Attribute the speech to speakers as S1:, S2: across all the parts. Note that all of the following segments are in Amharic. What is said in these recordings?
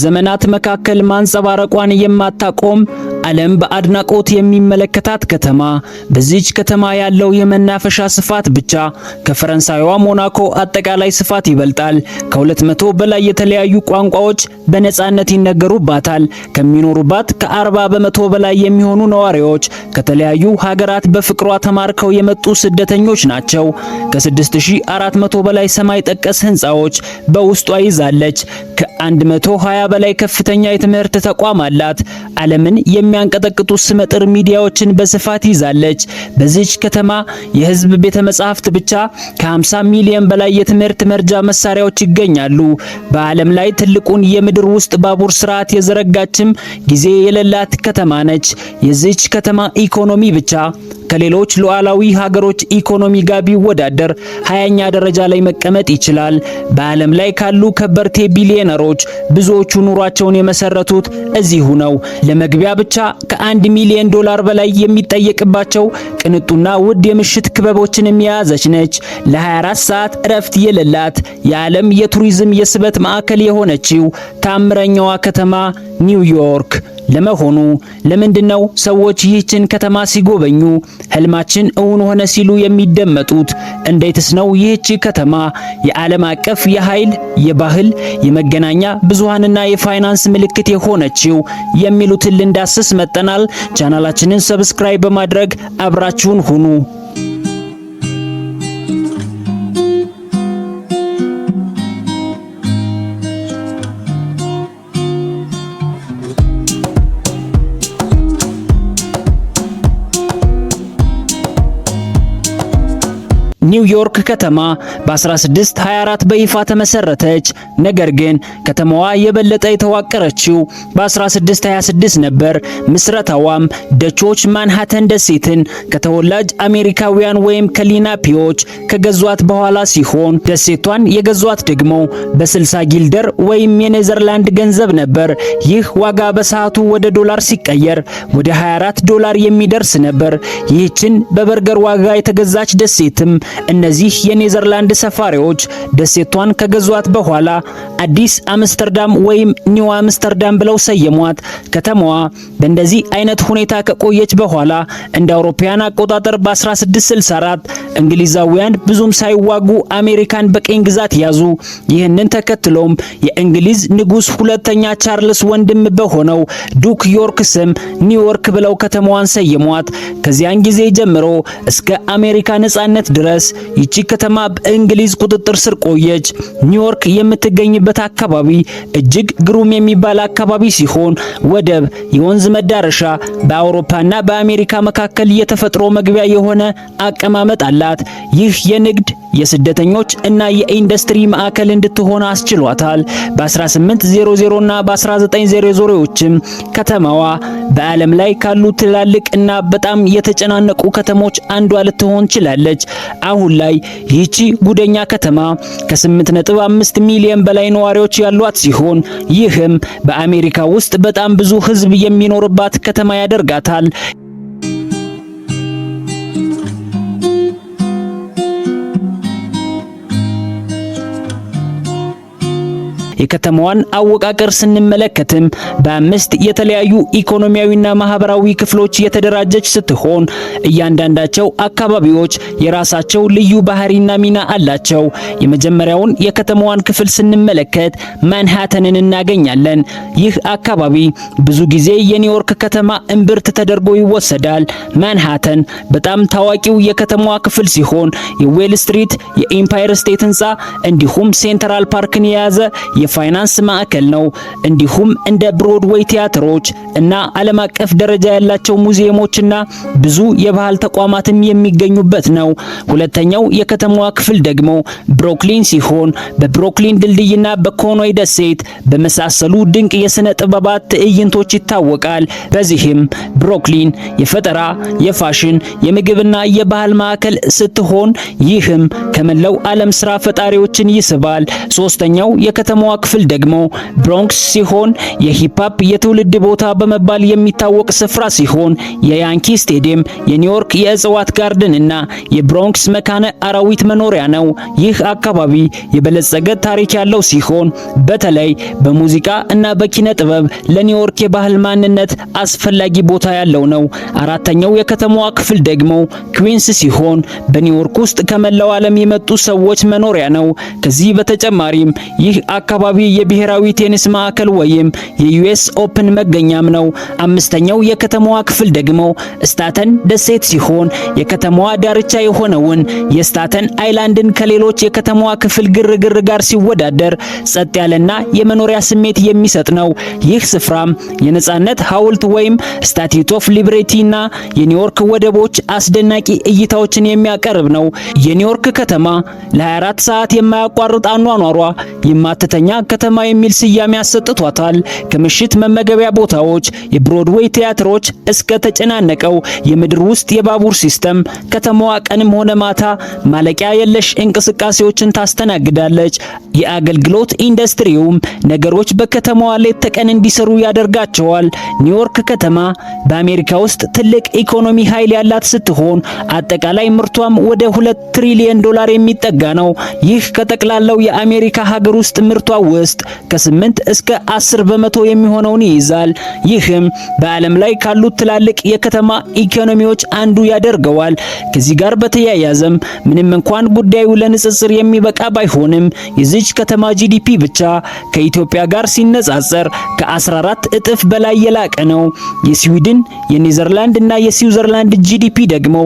S1: በዘመናት መካከል ማንጸባረቋን የማታቆም ዓለም በአድናቆት የሚመለከታት ከተማ። በዚች ከተማ ያለው የመናፈሻ ስፋት ብቻ ከፈረንሳይዋ ሞናኮ አጠቃላይ ስፋት ይበልጣል። ከሁለት መቶ በላይ የተለያዩ ቋንቋዎች በነጻነት ይነገሩባታል። ከሚኖሩባት ከ ከ40 በመቶ በላይ የሚሆኑ ነዋሪዎች ከተለያዩ ሀገራት በፍቅሯ ተማርከው የመጡ ስደተኞች ናቸው። ከ6400 በላይ ሰማይ ጠቀስ ህንፃዎች በውስጧ ይዛለች። ከ120 በላይ ከፍተኛ የትምህርት ተቋም አላት። ዓለምን የሚያ የሚያንቀጠቅጡ ስመጥር ሚዲያዎችን በስፋት ይዛለች። በዚች ከተማ የህዝብ ቤተ መጻሕፍት ብቻ ከ50 ሚሊዮን በላይ የትምህርት መርጃ መሳሪያዎች ይገኛሉ። በዓለም ላይ ትልቁን የምድር ውስጥ ባቡር ስርዓት የዘረጋችም ጊዜ የሌላት ከተማ ነች። የዚች ከተማ ኢኮኖሚ ብቻ ከሌሎች ሉዓላዊ ሀገሮች ኢኮኖሚ ጋር ቢወዳደር ሀያኛ ደረጃ ላይ መቀመጥ ይችላል። በዓለም ላይ ካሉ ከበርቴ ቢሊዮነሮች ብዙዎቹ ኑሯቸውን የመሰረቱት እዚሁ ነው። ለመግቢያ ብቻ ከአንድ ሚሊዮን ዶላር በላይ የሚጠየቅባቸው ቅንጡና ውድ የምሽት ክበቦችን የያዘች ነች። ለ24 ሰዓት እረፍት የሌላት የዓለም የቱሪዝም የስበት ማዕከል የሆነችው ታምረኛዋ ከተማ ኒውዮርክ ለመሆኑ ለምንድነው ሰዎች ይህችን ከተማ ሲጎበኙ ህልማችን እውን ሆነ ሲሉ የሚደመጡት? እንዴትስ ነው ይህች ከተማ የዓለም አቀፍ የኃይል፣ የባህል፣ የመገናኛ ብዙሃንና የፋይናንስ ምልክት የሆነችው የሚሉትን ልንዳስስ መጠናል። ቻናላችንን ሰብስክራይብ በማድረግ አብራችሁን ሁኑ። ኒውዮርክ ከተማ በ1624 በይፋ ተመሰረተች። ነገር ግን ከተማዋ የበለጠ የተዋቀረችው በ1626 ነበር። ምስረታዋም ደቾች ማንሃተን ደሴትን ከተወላጅ አሜሪካውያን ወይም ከሊናፒዎች ከገዟት በኋላ ሲሆን ደሴቷን የገዟት ደግሞ በ60 ጊልደር ወይም የኔዘርላንድ ገንዘብ ነበር። ይህ ዋጋ በሰዓቱ ወደ ዶላር ሲቀየር ወደ 24 ዶላር የሚደርስ ነበር። ይህችን በበርገር ዋጋ የተገዛች ደሴትም እነዚህ የኔዘርላንድ ሰፋሪዎች ደሴቷን ከገዟት በኋላ አዲስ አምስተርዳም ወይም ኒው አምስተርዳም ብለው ሰየሟት። ከተማዋ በእንደዚህ አይነት ሁኔታ ከቆየች በኋላ እንደ አውሮፓውያን አቆጣጠር በ1664 እንግሊዛውያን ብዙም ሳይዋጉ አሜሪካን በቅኝ ግዛት ያዙ። ይህንን ተከትሎም የእንግሊዝ ንጉሥ ሁለተኛ ቻርልስ ወንድም በሆነው ዱክ ዮርክ ስም ኒውዮርክ ብለው ከተማዋን ሰየሟት። ከዚያን ጊዜ ጀምሮ እስከ አሜሪካ ነጻነት ድረስ ድረስ ይቺ ከተማ በእንግሊዝ ቁጥጥር ስር ቆየች። ኒውዮርክ የምትገኝበት አካባቢ እጅግ ግሩም የሚባል አካባቢ ሲሆን ወደብ፣ የወንዝ መዳረሻ፣ በአውሮፓና በአሜሪካ መካከል የተፈጥሮ መግቢያ የሆነ አቀማመጥ አላት። ይህ የንግድ የስደተኞች እና የኢንዱስትሪ ማዕከል እንድትሆን አስችሏታል። በ1800 እና በ1900 ዙሪያዎችም ከተማዋ በዓለም ላይ ካሉ ትላልቅ እና በጣም የተጨናነቁ ከተሞች አንዷ ልትሆን ችላለች። አሁን ላይ ይህቺ ጉደኛ ከተማ ከ8.5 ሚሊዮን በላይ ነዋሪዎች ያሏት ሲሆን ይህም በአሜሪካ ውስጥ በጣም ብዙ ሕዝብ የሚኖርባት ከተማ ያደርጋታል። የከተማዋን አወቃቀር ስንመለከትም በአምስት የተለያዩ ኢኮኖሚያዊና ማህበራዊ ክፍሎች የተደራጀች ስትሆን እያንዳንዳቸው አካባቢዎች የራሳቸው ልዩ ባህሪና ሚና አላቸው። የመጀመሪያውን የከተማዋን ክፍል ስንመለከት ማንሃተንን እናገኛለን። ይህ አካባቢ ብዙ ጊዜ የኒውዮርክ ከተማ እምብርት ተደርጎ ይወሰዳል። ማንሃተን በጣም ታዋቂው የከተማዋ ክፍል ሲሆን የዌል ስትሪት፣ የኢምፓየር ስቴት ህንፃ እንዲሁም ሴንትራል ፓርክን የያዘ የፋይናንስ ማዕከል ነው። እንዲሁም እንደ ብሮድዌይ ቲያትሮች እና ዓለም አቀፍ ደረጃ ያላቸው ሙዚየሞችና ብዙ የባህል ተቋማትም የሚገኙበት ነው። ሁለተኛው የከተማዋ ክፍል ደግሞ ብሮክሊን ሲሆን በብሮክሊን ድልድይና በኮኖይ ደሴት በመሳሰሉ ድንቅ የስነ ጥበባት ትዕይንቶች ይታወቃል። በዚህም ብሮክሊን የፈጠራ፣ የፋሽን፣ የምግብና የባህል ማዕከል ስትሆን ይህም ከመላው ዓለም ስራ ፈጣሪዎችን ይስባል። ሶስተኛው የከተማዋ ክፍል ደግሞ ብሮንክስ ሲሆን የሂፓፕ የትውልድ ቦታ በመባል የሚታወቅ ስፍራ ሲሆን የያንኪ ስቴዲየም፣ የኒውዮርክ የእጽዋት ጋርደን እና የብሮንክስ መካነ አራዊት መኖሪያ ነው። ይህ አካባቢ የበለጸገ ታሪክ ያለው ሲሆን በተለይ በሙዚቃ እና በኪነ ጥበብ ለኒውዮርክ የባህል ማንነት አስፈላጊ ቦታ ያለው ነው። አራተኛው የከተማዋ ክፍል ደግሞ ክዊንስ ሲሆን በኒውዮርክ ውስጥ ከመላው ዓለም የመጡ ሰዎች መኖሪያ ነው። ከዚህ በተጨማሪም ይህ አካባቢ አካባቢ የብሔራዊ ቴኒስ ማዕከል ወይም የዩኤስ ኦፕን መገኛም ነው። አምስተኛው የከተማዋ ክፍል ደግሞ ስታተን ደሴት ሲሆን የከተማዋ ዳርቻ የሆነውን የስታተን አይላንድን ከሌሎች የከተማዋ ክፍል ግርግር ጋር ሲወዳደር ጸጥ ያለና የመኖሪያ ስሜት የሚሰጥ ነው። ይህ ስፍራም የነጻነት ሐውልት ወይም ስታቲት ኦፍ ሊብሬቲ እና የኒውዮርክ ወደቦች አስደናቂ እይታዎችን የሚያቀርብ ነው። የኒውዮርክ ከተማ ለ24 ሰዓት የማያቋርጥ አኗኗሯ፣ የማትተኛ ከተማ የሚል ስያሜ አሰጥቷታል። ከምሽት መመገቢያ ቦታዎች፣ የብሮድዌይ ቲያትሮች እስከ ተጨናነቀው የምድር ውስጥ የባቡር ሲስተም ከተማዋ ቀንም ሆነ ማታ ማለቂያ የለሽ እንቅስቃሴዎችን ታስተናግዳለች። የአገልግሎት ኢንዱስትሪውም ነገሮች በከተማዋ ሌት ተቀን እንዲሰሩ ያደርጋቸዋል። ኒውዮርክ ከተማ በአሜሪካ ውስጥ ትልቅ ኢኮኖሚ ኃይል ያላት ስትሆን አጠቃላይ ምርቷም ወደ ሁለት ትሪሊዮን ዶላር የሚጠጋ ነው። ይህ ከጠቅላላው የአሜሪካ ሀገር ውስጥ ምርቷ ውስጥ ከ8 እስከ 10 በመቶ የሚሆነውን ይይዛል። ይህም በዓለም ላይ ካሉት ትላልቅ የከተማ ኢኮኖሚዎች አንዱ ያደርገዋል። ከዚህ ጋር በተያያዘም ምንም እንኳን ጉዳዩ ለንጽጽር የሚበቃ ባይሆንም የዚች ከተማ ጂዲፒ ብቻ ከኢትዮጵያ ጋር ሲነጻጸር ከ14 እጥፍ በላይ የላቀ ነው። የስዊድን የኔዘርላንድ እና የስዊዘርላንድ ጂዲፒ ደግሞ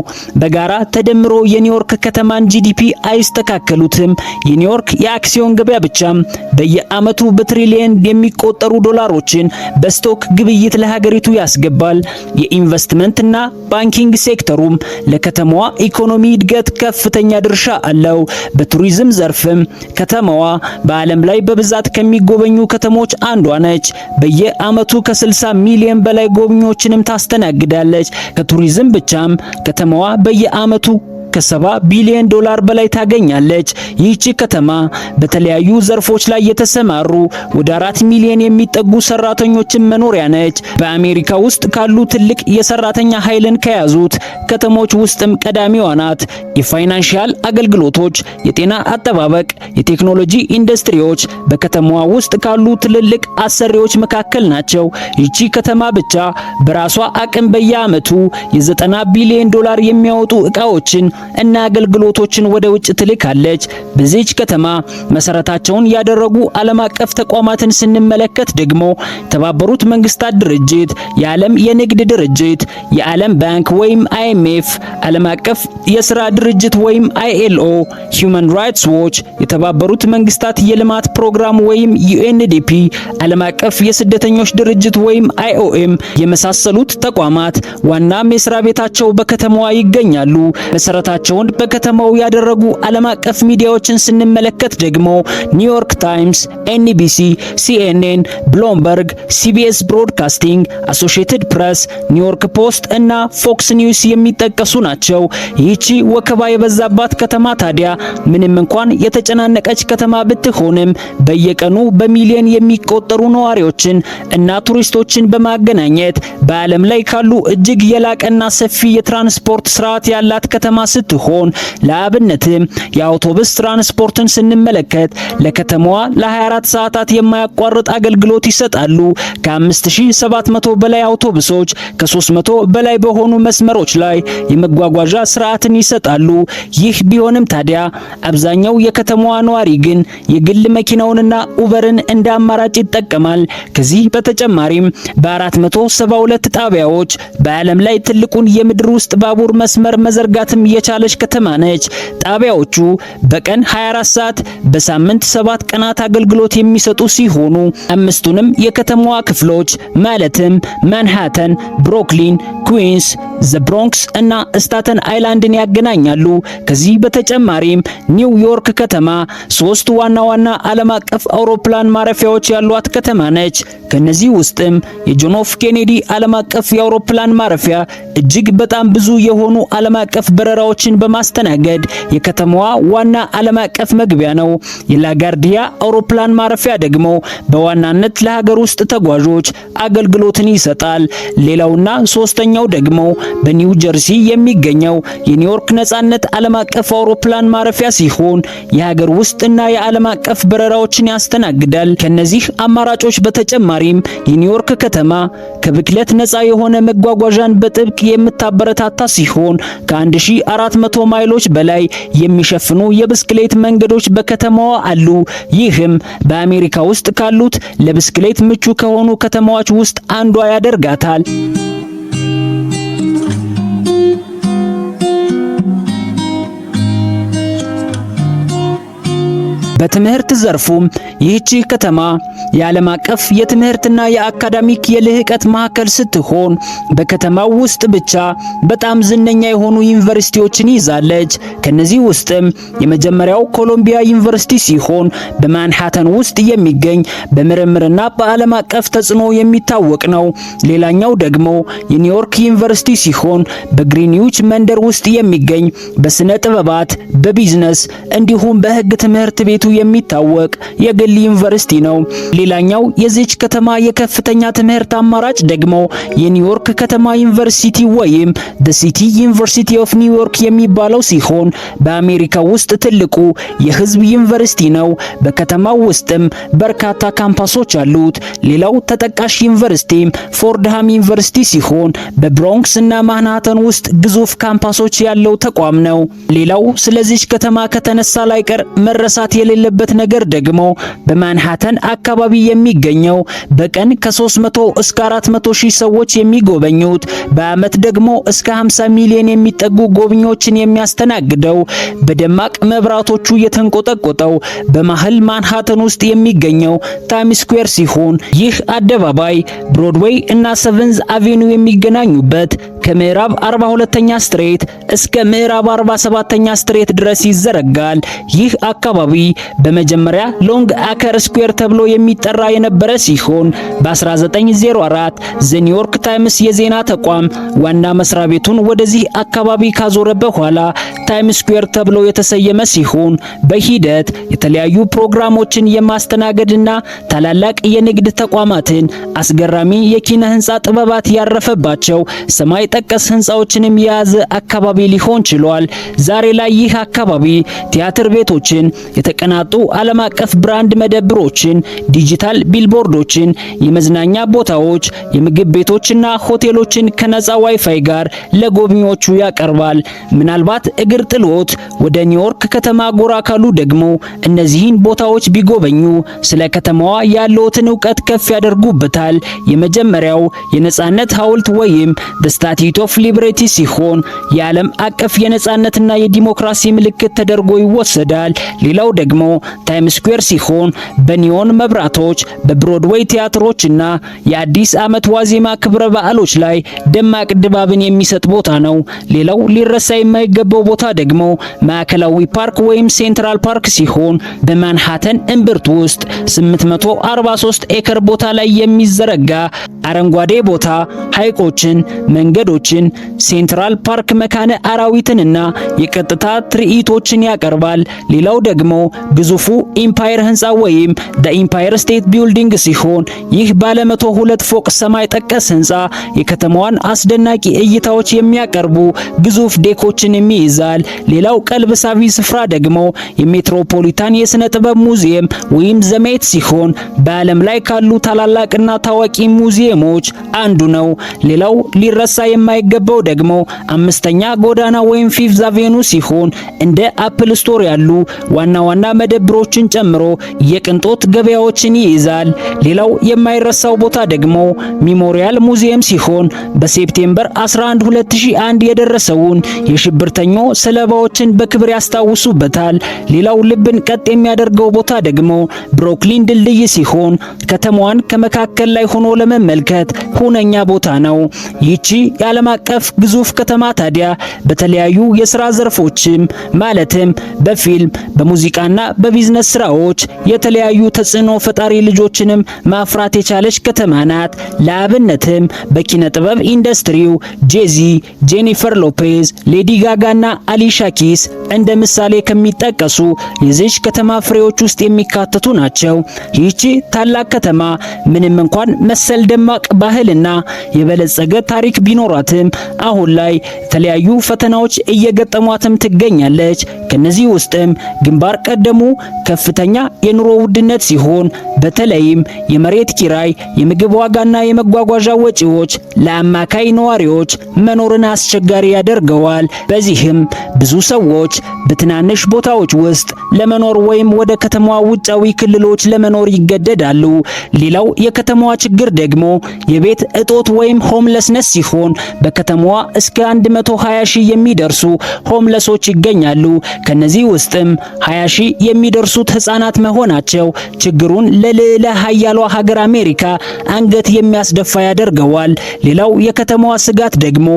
S1: በጋራ ተደምሮ የኒውዮርክ ከተማን ጂዲፒ አይስተካከሉትም። የኒውዮርክ የአክሲዮን ገበያ ብቻም በየዓመቱ በትሪሊየን የሚቆጠሩ ዶላሮችን በስቶክ ግብይት ለሀገሪቱ ያስገባል። የኢንቨስትመንትና ባንኪንግ ሴክተሩም ለከተማዋ ኢኮኖሚ እድገት ከፍተኛ ድርሻ አለው። በቱሪዝም ዘርፍም ከተማዋ በዓለም ላይ በብዛት ከሚጎበኙ ከተሞች አንዷ ነች። በየአመቱ ከ60 ሚሊዮን በላይ ጎብኚዎችንም ታስተናግዳለች። ከቱሪዝም ብቻም ከተማዋ በየአመቱ። ከሰባ ቢሊዮን ዶላር በላይ ታገኛለች። ይህቺ ከተማ በተለያዩ ዘርፎች ላይ የተሰማሩ ወደ አራት ሚሊዮን የሚጠጉ ሰራተኞችን መኖሪያ ነች። በአሜሪካ ውስጥ ካሉ ትልቅ የሰራተኛ ኃይልን ከያዙት ከተሞች ውስጥም ቀዳሚዋ ናት። የፋይናንሽያል አገልግሎቶች፣ የጤና አጠባበቅ፣ የቴክኖሎጂ ኢንዱስትሪዎች በከተማዋ ውስጥ ካሉ ትልልቅ አሰሪዎች መካከል ናቸው። ይቺ ከተማ ብቻ በራሷ አቅም በየዓመቱ የዘጠና ቢሊዮን ዶላር የሚያወጡ እቃዎችን። እና አገልግሎቶችን ወደ ውጭ ትልካለች። በዚች ከተማ መሰረታቸውን ያደረጉ ዓለም አቀፍ ተቋማትን ስንመለከት ደግሞ የተባበሩት መንግስታት ድርጅት፣ የዓለም የንግድ ድርጅት፣ የዓለም ባንክ ወይም IMF፣ ዓለም አቀፍ የስራ ድርጅት ወይም ILO፣ Human Rights ዎች፣ የተባበሩት መንግስታት የልማት ፕሮግራም ወይም ዩኤንዲፒ፣ ዓለም አቀፍ የስደተኞች ድርጅት ወይም አይኦኤም የመሳሰሉት ተቋማት ዋናም የስራ ቤታቸው በከተማዋ ይገኛሉ። መሰረታ ቆይታቸውን በከተማው ያደረጉ ዓለም አቀፍ ሚዲያዎችን ስንመለከት ደግሞ ኒውዮርክ ታይምስ፣ ኤንቢሲ፣ ሲኤንኤን፣ ብሎምበርግ፣ ሲቢኤስ ብሮድካስቲንግ፣ አሶሺየትድ ፕሬስ፣ ኒውዮርክ ፖስት እና ፎክስ ኒውስ የሚጠቀሱ ናቸው። ይህቺ ወከባ የበዛባት ከተማ ታዲያ ምንም እንኳን የተጨናነቀች ከተማ ብትሆንም በየቀኑ በሚሊዮን የሚቆጠሩ ነዋሪዎችን እና ቱሪስቶችን በማገናኘት በዓለም ላይ ካሉ እጅግ የላቀና ሰፊ የትራንስፖርት ስርዓት ያላት ከተማ ስትሆን ለአብነትም የአውቶቡስ ትራንስፖርትን ስንመለከት ለከተማዋ ለ24 ሰዓታት የማያቋርጥ አገልግሎት ይሰጣሉ። ከ5700 በላይ አውቶቡሶች ከ300 በላይ በሆኑ መስመሮች ላይ የመጓጓዣ ስርዓትን ይሰጣሉ። ይህ ቢሆንም ታዲያ አብዛኛው የከተማዋ ነዋሪ ግን የግል መኪናውንና ኡበርን እንደ አማራጭ ይጠቀማል። ከዚህ በተጨማሪም በ472 ጣቢያዎች በዓለም ላይ ትልቁን የምድር ውስጥ ባቡር መስመር መዘርጋትም የቻለች ከተማ ነች። ጣቢያዎቹ በቀን 24 ሰዓት በሳምንት ሰባት ቀናት አገልግሎት የሚሰጡ ሲሆኑ አምስቱንም የከተማዋ ክፍሎች ማለትም ማንሃተን፣ ብሮክሊን፣ ኩዊንስ፣ ዘ ብሮንክስ እና ስታተን አይላንድን ያገናኛሉ። ከዚህ በተጨማሪም ኒውዮርክ ከተማ ሶስት ዋና ዋና ዓለም አቀፍ አውሮፕላን ማረፊያዎች ያሏት ከተማ ነች። ከነዚህ ውስጥም የጆኖፍ ኬኔዲ ዓለም አቀፍ የአውሮፕላን ማረፊያ እጅግ በጣም ብዙ የሆኑ ዓለም አቀፍ በረራዎች ሰዎችን በማስተናገድ የከተማዋ ዋና ዓለም አቀፍ መግቢያ ነው። የላጋርዲያ አውሮፕላን ማረፊያ ደግሞ በዋናነት ለሀገር ውስጥ ተጓዦች አገልግሎትን ይሰጣል። ሌላውና ሶስተኛው ደግሞ በኒው ጀርሲ የሚገኘው የኒውዮርክ ነጻነት ዓለም አቀፍ አውሮፕላን ማረፊያ ሲሆን የሀገር ውስጥ እና የዓለም አቀፍ በረራዎችን ያስተናግዳል። ከነዚህ አማራጮች በተጨማሪም የኒውዮርክ ከተማ ከብክለት ነጻ የሆነ መጓጓዣን በጥብቅ የምታበረታታ ሲሆን ከ1400 ከ ማይሎች በላይ የሚሸፍኑ የብስክሌት መንገዶች በከተማዋ አሉ። ይህም በአሜሪካ ውስጥ ካሉት ለብስክሌት ምቹ ከሆኑ ከተማዎች ውስጥ አንዷ ያደርጋታል። በትምህርት ዘርፉ ይህቺ ከተማ የዓለም አቀፍ የትምህርትና የአካዳሚክ የልህቀት ማዕከል ስትሆን በከተማው ውስጥ ብቻ በጣም ዝነኛ የሆኑ ዩኒቨርሲቲዎችን ይዛለች። ከነዚህ ውስጥም የመጀመሪያው ኮሎምቢያ ዩኒቨርሲቲ ሲሆን በማንሃተን ውስጥ የሚገኝ በምርምርና በዓለም አቀፍ ተጽዕኖ የሚታወቅ ነው። ሌላኛው ደግሞ የኒውዮርክ ዩኒቨርሲቲ ሲሆን በግሪንዊች መንደር ውስጥ የሚገኝ በስነ ጥበባት፣ በቢዝነስ እንዲሁም በህግ ትምህርት ቤት በመገንባቱ የሚታወቅ የግል ዩኒቨርሲቲ ነው። ሌላኛው የዚች ከተማ የከፍተኛ ትምህርት አማራጭ ደግሞ የኒውዮርክ ከተማ ዩኒቨርሲቲ ወይም ዘ ሲቲ ዩኒቨርሲቲ ኦፍ ኒውዮርክ የሚባለው ሲሆን በአሜሪካ ውስጥ ትልቁ የህዝብ ዩኒቨርሲቲ ነው። በከተማው ውስጥም በርካታ ካምፓሶች አሉት። ሌላው ተጠቃሽ ዩኒቨርሲቲም ፎርድሃም ዩኒቨርሲቲ ሲሆን በብሮንክስ እና ማንሃተን ውስጥ ግዙፍ ካምፓሶች ያለው ተቋም ነው። ሌላው ስለዚች ከተማ ከተነሳ ላይቀር መረሳት የሌለ የሌለበት ነገር ደግሞ በማንሃተን አካባቢ የሚገኘው በቀን ከ300 እስከ 400 ሺህ ሰዎች የሚጎበኙት በአመት ደግሞ እስከ 50 ሚሊዮን የሚጠጉ ጎብኚዎችን የሚያስተናግደው በደማቅ መብራቶቹ የተንቆጠቆጠው በመሀል ማንሃተን ውስጥ የሚገኘው ታይም ስኩዌር ሲሆን ይህ አደባባይ ብሮድዌይ እና ሰቨንዝ አቬኒው የሚገናኙበት ከምዕራብ 42ኛ ስትሬት እስከ ምዕራብ 47ኛ ስትሬት ድረስ ይዘረጋል። ይህ አካባቢ በመጀመሪያ ሎንግ አከር ስኩዌር ተብሎ የሚጠራ የነበረ ሲሆን በ1904 ዘ ኒውዮርክ ታይምስ የዜና ተቋም ዋና መስሪያ ቤቱን ወደዚህ አካባቢ ካዞረ በኋላ ታይምስ ስኩዌር ተብሎ የተሰየመ ሲሆን በሂደት የተለያዩ ፕሮግራሞችን የማስተናገድና ታላላቅ የንግድ ተቋማትን አስገራሚ የኪነ ህንፃ ጥበባት ያረፈባቸው ሰማይ ጠቀስ ህንፃዎችንም የያዘ አካባቢ ሊሆን ችሏል። ዛሬ ላይ ይህ አካባቢ ቲያትር ቤቶችን የተቀና የተሰናጡ ዓለም አቀፍ ብራንድ መደብሮችን፣ ዲጂታል ቢልቦርዶችን፣ የመዝናኛ ቦታዎች፣ የምግብ ቤቶችና ሆቴሎችን ከነፃ ዋይፋይ ጋር ለጎብኚዎቹ ያቀርባል። ምናልባት እግር ጥሎት ወደ ኒውዮርክ ከተማ ጎራ ካሉ ደግሞ እነዚህን ቦታዎች ቢጎበኙ ስለ ከተማዋ ያለዎትን እውቀት ከፍ ያደርጉበታል። የመጀመሪያው የነፃነት ሐውልት ወይም ዘ ስታቲት ኦፍ ሊበርቲ ሲሆን የዓለም አቀፍ የነፃነትና የዲሞክራሲ ምልክት ተደርጎ ይወሰዳል። ሌላው ደግሞ ደግሞ ታይም ስኩዌር ሲሆን በኒዮን መብራቶች በብሮድዌይ ቲያትሮች እና የአዲስ ዓመት ዋዜማ ክብረ በዓሎች ላይ ደማቅ ድባብን የሚሰጥ ቦታ ነው። ሌላው ሊረሳ የማይገባው ቦታ ደግሞ ማዕከላዊ ፓርክ ወይም ሴንትራል ፓርክ ሲሆን በማንሃተን እምብርት ውስጥ 843 ኤከር ቦታ ላይ የሚዘረጋ አረንጓዴ ቦታ፣ ሐይቆችን፣ መንገዶችን፣ ሴንትራል ፓርክ መካነ አራዊትንና የቀጥታ ትርኢቶችን ያቀርባል። ሌላው ደግሞ ግዙፉ ኢምፓየር ህንፃ ወይም ደ ኢምፓየር ስቴት ቢልዲንግ ሲሆን ይህ ባለ 102 ፎቅ ሰማይ ጠቀስ ህንፃ የከተማዋን አስደናቂ እይታዎች የሚያቀርቡ ግዙፍ ዴኮችን የሚይዛል። ሌላው ቀልብ ሳቢ ስፍራ ደግሞ የሜትሮፖሊታን የስነ ጥበብ ሙዚየም ወይም ዘሜት ሲሆን በዓለም ላይ ካሉ ታላላቅና ታዋቂ ሙዚየም ሙዚየሞች አንዱ ነው። ሌላው ሊረሳ የማይገባው ደግሞ አምስተኛ ጎዳና ወይም ፊፍዝ አቬኑ ሲሆን እንደ አፕል ስቶር ያሉ ዋና ዋና መደብሮችን ጨምሮ የቅንጦት ገበያዎችን ይይዛል። ሌላው የማይረሳው ቦታ ደግሞ ሚሞሪያል ሙዚየም ሲሆን በሴፕቴምበር 11 2001 የደረሰውን የሽብርተኞ ሰለባዎችን በክብር ያስታውሱበታል። ሌላው ልብን ቀጥ የሚያደርገው ቦታ ደግሞ ብሮክሊን ድልድይ ሲሆን ከተማዋን ከመካከል ላይ ሆኖ ለመመልከት ለመመልከት ሁነኛ ቦታ ነው። ይቺ የዓለም አቀፍ ግዙፍ ከተማ ታዲያ በተለያዩ የስራ ዘርፎችም ማለትም በፊልም በሙዚቃና በቢዝነስ ስራዎች የተለያዩ ተጽዕኖ ፈጣሪ ልጆችንም ማፍራት የቻለች ከተማ ናት። ለአብነትም በኪነ ጥበብ ኢንዱስትሪው ጄዚ፣ ጄኒፈር ሎፔዝ፣ ሌዲ ጋጋና አሊሻ ኪስ እንደ ምሳሌ ከሚጠቀሱ የዚች ከተማ ፍሬዎች ውስጥ የሚካተቱ ናቸው። ይቺ ታላቅ ከተማ ምንም እንኳን መሰል ደማ ደማቅ ባህልና የበለጸገ ታሪክ ቢኖራትም አሁን ላይ የተለያዩ ፈተናዎች እየገጠሟትም ትገኛለች። ከነዚህ ውስጥም ግንባር ቀደሙ ከፍተኛ የኑሮ ውድነት ሲሆን በተለይም የመሬት ኪራይ፣ የምግብ ዋጋና የመጓጓዣ ወጪዎች ለአማካይ ነዋሪዎች መኖርን አስቸጋሪ ያደርገዋል። በዚህም ብዙ ሰዎች በትናንሽ ቦታዎች ውስጥ ለመኖር ወይም ወደ ከተማዋ ውጫዊ ክልሎች ለመኖር ይገደዳሉ። ሌላው የከተማዋ ችግር ደግሞ የቤት እጦት ወይም ሆምለስነስ ሲሆን በከተማዋ እስከ 120 ሺህ የሚደርሱ ሆምለሶች ይገኛሉ። ከነዚህ ውስጥም 20 ሺህ የሚደርሱት ህጻናት መሆናቸው ችግሩን ለልዕለ ሀያሏ ሀገር አሜሪካ አንገት የሚያስደፋ ያደርገዋል። ሌላው የከተማዋ ስጋት ደግሞ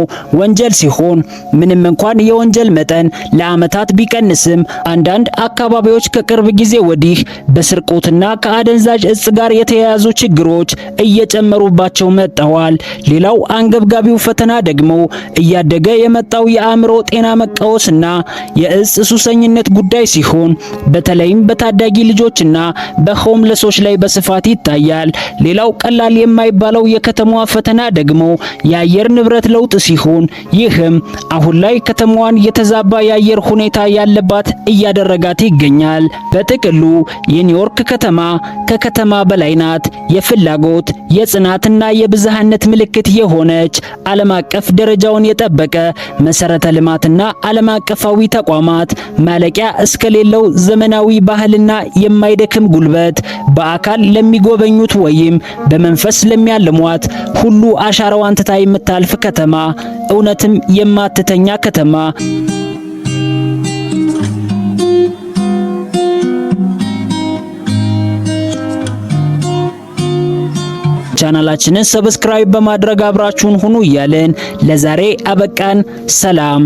S1: ወንጀል ሲሆን ምንም እንኳን የወንጀል መጠን ለአመታት ቢቀንስም አንዳንድ አካባቢዎች ከቅርብ ጊዜ ወዲህ በስርቆትና ከአደንዛዥ እጽ ጋር የተያያዙ ችግሮች እየጨመሩ እየደረሰባቸው መጥተዋል። ሌላው አንገብጋቢው ፈተና ደግሞ እያደገ የመጣው የአእምሮ ጤና መቃወስና የእጽ ሱሰኝነት ጉዳይ ሲሆን በተለይም በታዳጊ ልጆችና በሆምለሶች ላይ በስፋት ይታያል። ሌላው ቀላል የማይባለው የከተማዋ ፈተና ደግሞ የአየር ንብረት ለውጥ ሲሆን ይህም አሁን ላይ ከተማዋን የተዛባ የአየር ሁኔታ ያለባት እያደረጋት ይገኛል። በጥቅሉ የኒውዮርክ ከተማ ከከተማ በላይ ናት። የፍላጎት የጽናት የአንድነትና የብዝሃነት ምልክት የሆነች ዓለም አቀፍ ደረጃውን የጠበቀ መሰረተ ልማትና ዓለም አቀፋዊ ተቋማት ማለቂያ እስከሌለው ዘመናዊ ባህልና የማይደክም ጉልበት በአካል ለሚጎበኙት ወይም በመንፈስ ለሚያልሟት ሁሉ አሻራዋን ትታ የምታልፍ ከተማ እውነትም የማትተኛ ከተማ ቻናላችንን ሰብስክራይብ በማድረግ አብራችሁን ሁኑ እያልን ለዛሬ አበቃን። ሰላም